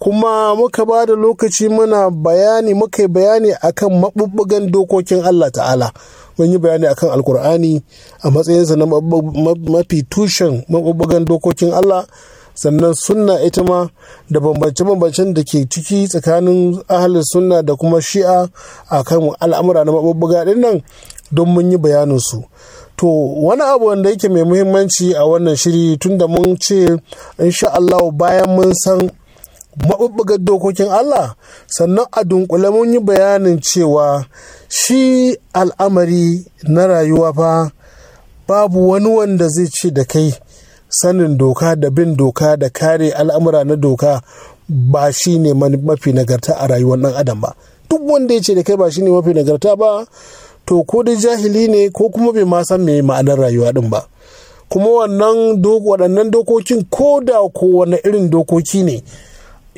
kuma muka ba da lokaci muna bayani muka yi bayani akan maɓuɓɓugan dokokin Allah ta'ala mun yi bayani akan alkur'ani a matsayinsa na mafi tushen maɓuɓɓugan dokokin Allah sannan sunna ita ma da bambance-bambancen da ke ciki tsakanin ahalin sunna da kuma shi'a akan kan al'amura na maɓuɓɓuga ɗin nan don mun yi bayaninsu to wani abu wanda yake mai muhimmanci a wannan shiri tunda mun ce insha Allah bayan mun san maɓuɓɓugar dokokin Allah sannan a dunkule mun yi bayanin cewa shi al'amari na rayuwa fa babu wani wanda zai ce da kai sanin doka da bin doka da kare al'amura na doka ba shi ne mafi nagarta a rayuwar ɗan adam ba duk wanda ya ce da kai ba shi ne mafi nagarta ba to ko da jahili ne ko kuma bai ma san me ma'anar rayuwa din ba kuma wannan waɗannan dokokin ko da ko wani irin dokoki ne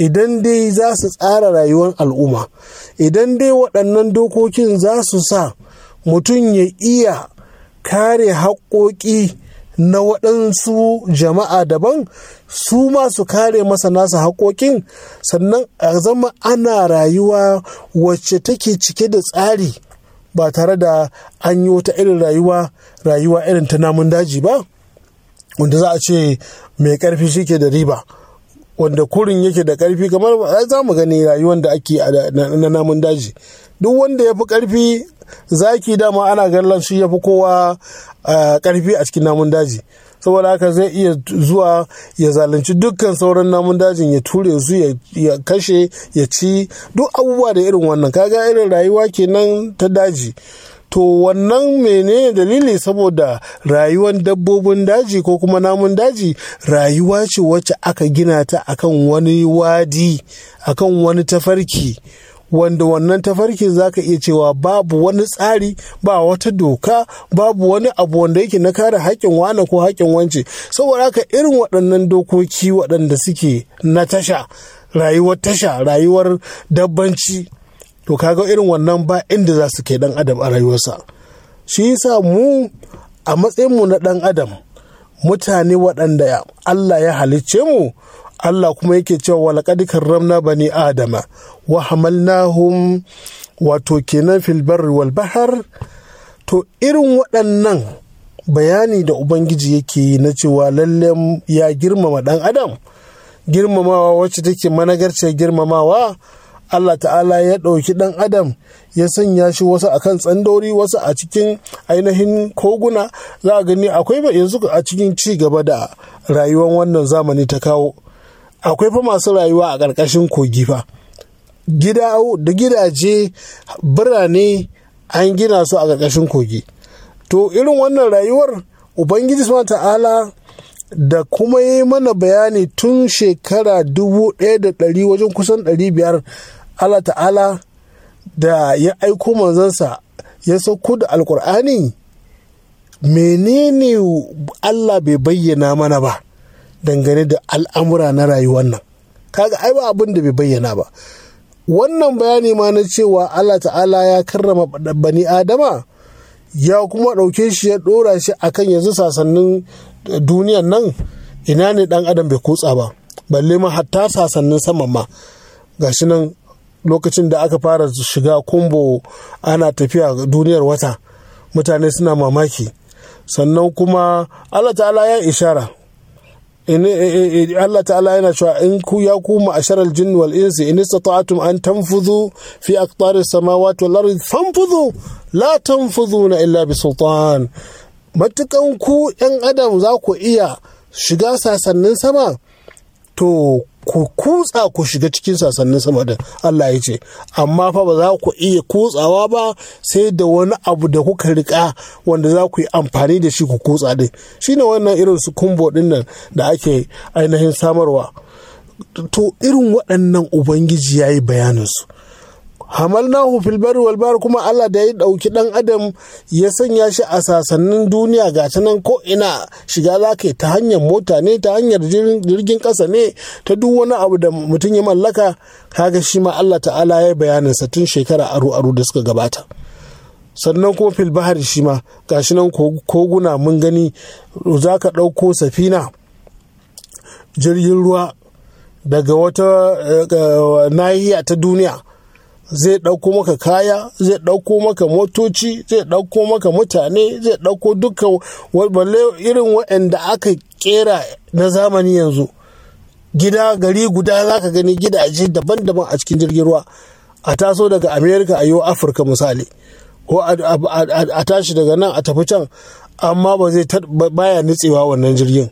idan dai za su tsara rayuwar al'umma idan dai waɗannan dokokin za su sa mutum ya iya kare haƙoƙi na waɗansu jama'a daban su masu kare masa nasa haƙoƙin sannan a zama ana rayuwa wacce take cike da tsari ba tare da an yi wata irin rayuwa rayuwa irin ta namun daji ba wanda za a ce mai karfi shike da riba wanda kurin yake da karfi kamar za mu gani rayuwan da ake na namun daji duk wanda ya fi karfi zaki dama ana gallan shi ya fi kowa karfi eh, a cikin namun daji saboda haka zai iya zuwa ya zalunci dukkan sauran namun dajin ya ture su ya kashe ya ci duk abubuwa da irin wannan kaga irin rayuwa kenan ta daji to wannan menene dalili saboda rayuwar dabbobin daji ko kuma namun daji rayuwa ce wacce aka gina ta akan wani wadi akan wani tafarki wanda wannan tafarkin ka iya cewa babu wani tsari ba wata doka babu wani abu wanda yake na kare haƙƙin wane ko haƙƙin wance saboda haka irin waɗannan dokoki waɗanda suke na tasha rayuwar tasha rayuwar dabbanci to kaga irin wannan ba inda za su kai dan adam a rayuwarsa shi yasa mu a matsayin mu na dan adam mutane waɗanda Allah ya halicce mu Allah kuma yake cewa walaqad karramna bani adama wa hamalnahum wato kenan fil barri wal bahar to irin waɗannan bayani da ubangiji yake yi na cewa lalle ya girmama ɗan adam girmamawa wacce take managarce girmamawa Allah ta'ala ya ɗauki ɗan adam ya sanya shi wasu a kan tsandori wasu a cikin ainihin koguna za a gani akwai yanzu a cikin ci gaba da rayuwar wannan zamani ta kawo akwai fa masu rayuwa a ƙarƙashin kogi fa gida da gidaje birane an gina su a ƙarƙashin kogi to irin wannan rayuwar ubangiji su ta'ala da kuma yi mana bayani tun shekara dubu ɗaya da ɗari wajen kusan ɗari biyar allah ta'ala da ya aiko manzansa ya sauko da alƙur'ani menene allah bai bayyana mana ba dangane da al'amura na rayuwar nan kaga ai ba abin da bai bayyana ba wannan bayani ma na cewa Allah ta'ala ya karrama bani adama ya kuma ɗauke shi ya ɗora shi akan yanzu sasannin eh, duniyan nan ina ne ɗan adam bai kutsa ba balle ma hatta sasannin saman ma gashi nan lokacin da aka fara shiga kumbo ana tafiya duniyar wata mutane suna mamaki sannan kuma Allah ta'ala ya ishara Allah ta'ala yana cewa in ku ya ku ma'asharal jinn wal insi in istata'tum an tanfudhu fi aqtaris samawati wal ardi fanfudhu la tanfudhuna illa bi sultan matukan ku yan adam za ku iya shiga sasannin sama to ku kutsa ku shiga cikin sasannin sama da Allah ya ce amma fa ba za ku iya kutsawa ba sai da wani abu da kuka rika wanda za ku yi amfani da shi ku kutsa din shine wannan irin su kumbo din da ake ainihin samarwa to irin waɗannan ubangiji ya yi bayaninsu hamalnahu fil barri kuma Allah da ya ɗauki dan adam ya sanya shi a sasannin duniya ga ta nan ko ina shiga zaka ta hanyar mota ne ta hanyar jirgin ƙasa ne ta duk wani abu da mutum ya mallaka kaga shi ma Allah ta'ala ya bayanin sa tun shekara aru aru da suka gabata sannan kuma fil bahari shi ma gashi nan koguna mun gani zaka ɗauko safina jirgin ruwa daga wata eh, nahiya ta duniya zai ɗauko maka kaya zai ɗauko maka motoci zai ɗauko maka mutane zai ɗauko dukkan balle irin waɗanda aka kera na zamani yanzu gida gari guda za ka gani gidaje daban-daban a cikin jirgin ruwa a taso daga america a yi afirka misali ko a tashi daga nan a tafi can amma ba zai baya nutsewa wannan jirgin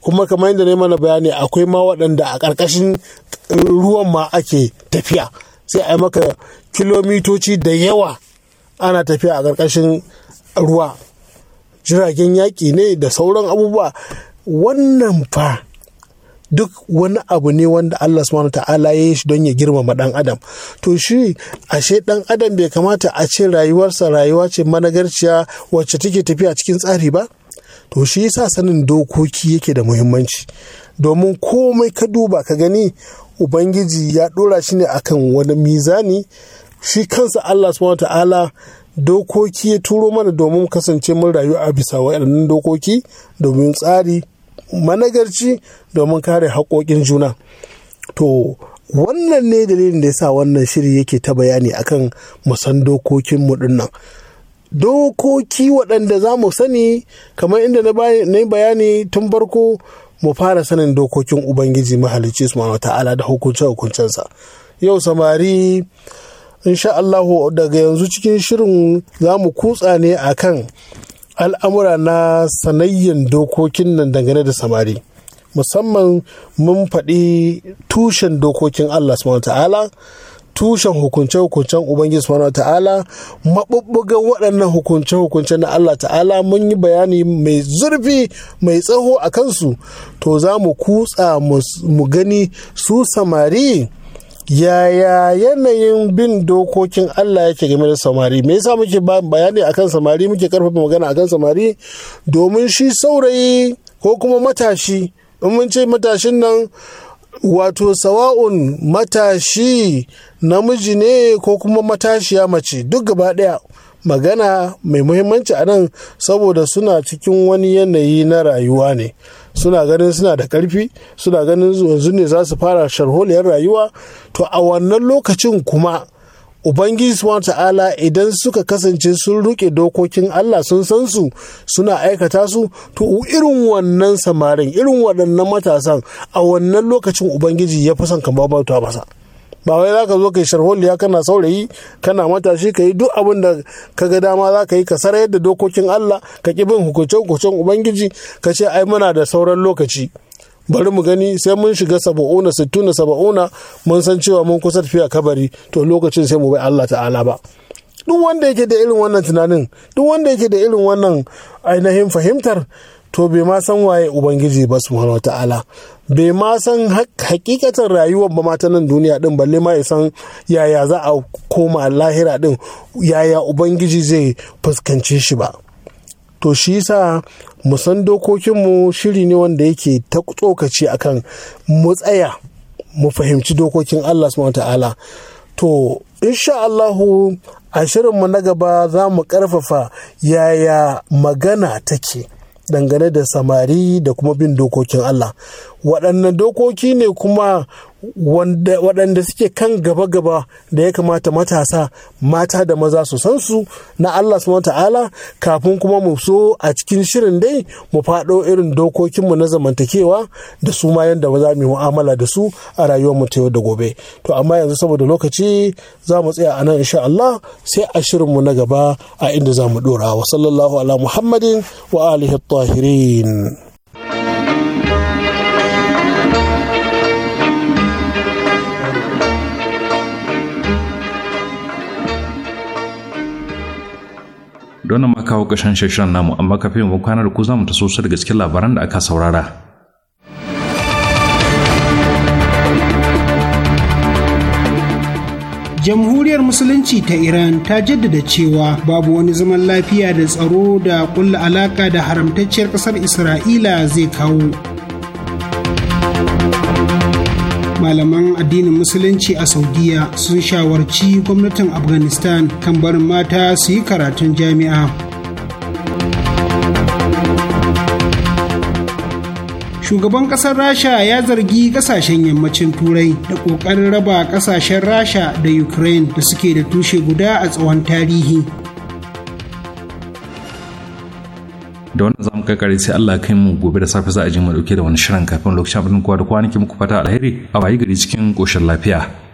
kuma kamar yadda na mana bayani akwai ma waɗanda a ƙarƙashin ruwan ma ake tafiya sai a yi maka kilomitoci da yawa ana tafiya a ƙarƙashin ruwa jiragen yaƙi ne da sauran abubuwa wannan fa duk wani abu ne wanda Allah subhanahu ta'ala ya yi shi don ya girmama dan adam to shi ashe dan adam bai kamata a ce rayuwarsa rayuwa ce managarciya wacce take tafiya cikin tsari ba to shi yasa sanin dokoki yake da muhimmanci domin komai ka duba ka gani ubangiji ya ɗora shi ne akan wani mizani shi kansa allah subhanahu ta'ala dokoki ya turo mana domin kasance mun rayu a bisa waɗannan dokoki domin tsari managarci domin kare haƙoƙin juna to wannan ne dalilin da ya sa wannan shiri yake ta bayani akan musan dokokin mu dinnan dokoki waɗanda za mu sani kamar inda na bayani tun farko mu fara sanin dokokin ubangiji mahalicci subhanahu ta'ala da hukunce hukuncensa yau samari insha Allah daga yanzu cikin shirin za mu kutsa ne akan al'amura na sanayyan dokokin nan dangane da samari musamman mun faɗi tushen dokokin Allah subhanahu ta'ala tushen hukunce-hukuncen Ubangiji subhanahu ta'ala mabubbugan waɗannan hukunce-hukunce na Allah ta'ala mun yi bayani mai zurfi mai tsaho a kansu to za mu kutsa mu gani su samari yaya yanayin bin dokokin Allah yake game da samari me yasa muke bayani akan samari muke karfafa magana akan samari domin shi saurayi ko kuma matashi in mun ce matashin nan wato sawa'un matashi namiji ne ko kuma matashiya mace duk gaba daya magana mai muhimmanci a nan saboda suna cikin wani yanayi na rayuwa ne suna ganin suna da karfi suna ganin yanzu ne za su fara sharholiyar rayuwa to a wannan lokacin kuma Ubangiji subhanahu ta'ala idan suka kasance sun ruke dokokin Allah sun san su suna aikata su to irin wannan samarin irin waɗannan matasan a wannan lokacin Ubangiji ya fi son ka babauta masa. ba wai za ka zo ka yi sharholiya kana saurayi kana matashi ka yi duk abin da ka ga dama za ka yi ka sarar da dokokin Allah ka ƙi bin hukuncen hukuncen Ubangiji ka ce ai muna da sauran lokaci. bari mu gani sai mun shiga saba'una sittuna saba'una mun san cewa mun kusa tafiya kabari to lokacin sai mu bai Allah ta'ala ba duk wanda yake da irin wannan tunanin duk wanda yake da irin wannan ainihin fahimtar to bai ma san waye ubangiji ba wa wataala bai ma san hakikatan rayuwar ba mata nan duniya din balle ma ya san yaya za a koma lahira din yaya ubangiji zai fuskanci shi ba to shi sa. mu musan dokokinmu shiri ne wanda yake ta tsokaci akan mu tsaya mu fahimci dokokin Allah subhanahu ta'ala to insha Allahu a shirinmu na gaba za mu karfafa yaya magana take dangane da samari da kuma bin dokokin Allah waɗannan dokoki ne kuma waɗanda suke kan gaba-gaba da ya kamata matasa mata da maza su san su na Allah subhanahu ta'ala kafin kuma mu so a cikin shirin dai mu faɗo irin dokokinmu na zamantakewa da su ma yadda za mu mu'amala da su a rayuwarmu ta yau da gobe to amma yanzu saboda lokaci za mu tsaya a nan insha Allah sai a shirinmu na gaba a inda za mu ɗora wa sallallahu ala muhammadin wa alihi tahirin don ma kawo ƙashin shirin namu amma kafin mu kwana da ku za mu taso su da gaske labaran da aka saurara. jamhuriyar musulunci ta iran ta jaddada cewa babu wani zaman lafiya da tsaro da kulla alaka da haramtacciyar kasar isra'ila zai kawo malaman addinin musulunci a saudiya sun shawarci gwamnatin afghanistan kan barin mata su yi karatun jami'a shugaban kasar rasha ya zargi kasashen yammacin turai da ƙoƙarin raba kasashen rasha da ukraine da suke da tushe guda a tsawon tarihi muka sai Allah kai mu gobe da safe za a je mu dauke da wani shirin kafin lokacin abin kowa da kowa nake muku fata alheri a bayi gari cikin koshin lafiya